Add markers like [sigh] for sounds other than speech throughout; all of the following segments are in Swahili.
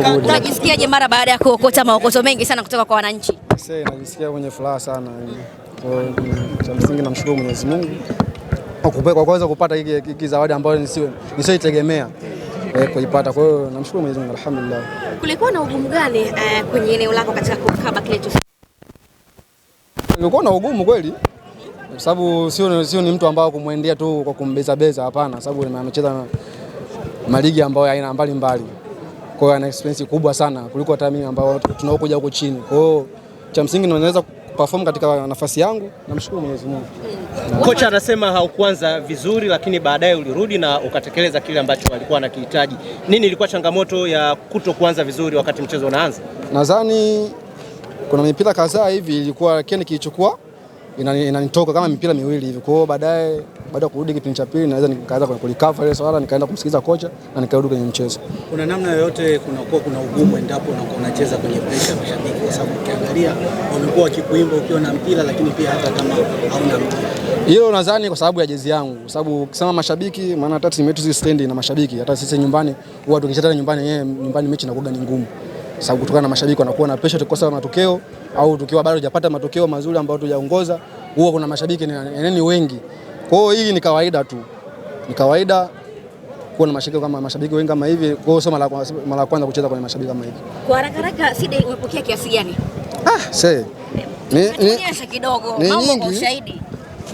Unajisikiaje mara baada ya kuokota maokoto mengi sana kutoka kwa wananchi? Najisikia mwenye furaha sana. Mm, cha msingi namshukuru Mwenyezi Mungu kwa kuweza kupata hiki zawadi ambayo nisioitegemea eh, kuipata. Kwa hiyo namshukuru Mwenyezi Mungu alhamdulillah. Kulikuwa na ugumu gani eh, kwenye eneo lako katika kukaba kile tu? Nilikuwa na ugumu kweli kwa sababu sio sio ni mtu ambaye kumwendea tu kwa kumbeza beza, hapana, sababu amecheza maligi ambayo aina mbalimbali. Kwa hiyo ana experience kubwa sana kuliko hata mimi ambao tunaokuja huko chini. Kwa hiyo cha msingi naweza perform katika nafasi yangu, namshukuru Mwenyezi Mungu. Kocha anasema haukuanza vizuri, lakini baadaye ulirudi na ukatekeleza kile ambacho walikuwa wanakihitaji. Nini ilikuwa changamoto ya kuto kuanza vizuri wakati mchezo unaanza? Nadhani kuna mipira kadhaa hivi ilikuwa kile kilichokuwa inanitoka ina kama mipira miwili hivi, kwa hiyo baadaye baada ya kurudi kipindi cha pili naweza nikaanza kulikava ile swala, nikaenda kumsikiliza kocha na nikarudi kwenye mchezo. Kuna namna yoyote kunakuwa kuna ugumu endapo unakuwa unacheza kwenye pressure ya mashabiki, kwa sababu ukiangalia wamekuwa wakikuimba ukiwa na mpira, lakini pia hata kama hauna mpira. Hilo nadhani kwa sababu ya jezi yangu, kwa sababu ukisema mashabiki, maana hata timu yetu zi stand na mashabiki, hata sisi nyumbani huwa tukicheza nyumbani, yeye nyumbani mechi inakuwa ni ngumu sababu kutokana na mashabiki wanakuwa na pressure tukosa matokeo au tukiwa bado hujapata matokeo mazuri ambayo tujaongoza, huwa kuna mashabiki ni wengi kwa hiyo hii ni kawaida tu, ni kawaida kuwa na mashabiki kama mashabiki wengi kama hivi. Kwa hiyo sio mara ya kwanza kucheza kwenye mashabiki kama hivi. Kwa haraka haraka, Sida umepokea kiasi gani? Ah, see ni ni kidogo, mambo kwa ushahidi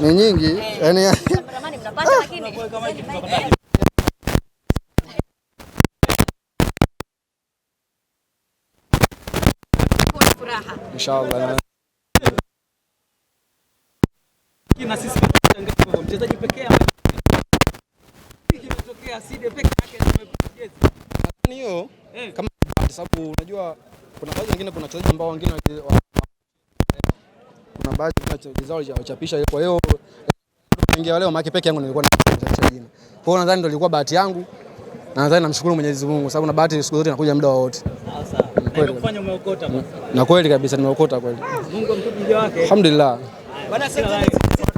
ni nyingi eh. yani [laughs] mnapata ah. lakini Inshallah. Kina sisi mchezaji pekee kimetokea Side peke yake jezi. hiyo eh. kama sababu unajua kuna baadhi wengine kuna wachezaji ambao wengine kuna baadhi ya wachezaji wao wachapisha, kwa hiyo ningeingia leo maki peke yangu nilikuwa na jina. Kwa hiyo nadhani ndio ilikuwa bahati yangu. Na nadhani namshukuru Mwenyezi Mungu sababu na bahati siku zote inakuja muda wote. Sawa sawa. Na kufanya umeokota Na kweli kabisa nimeokota kweli. Mungu mtukufu wake. Alhamdulillah. Bwana sasa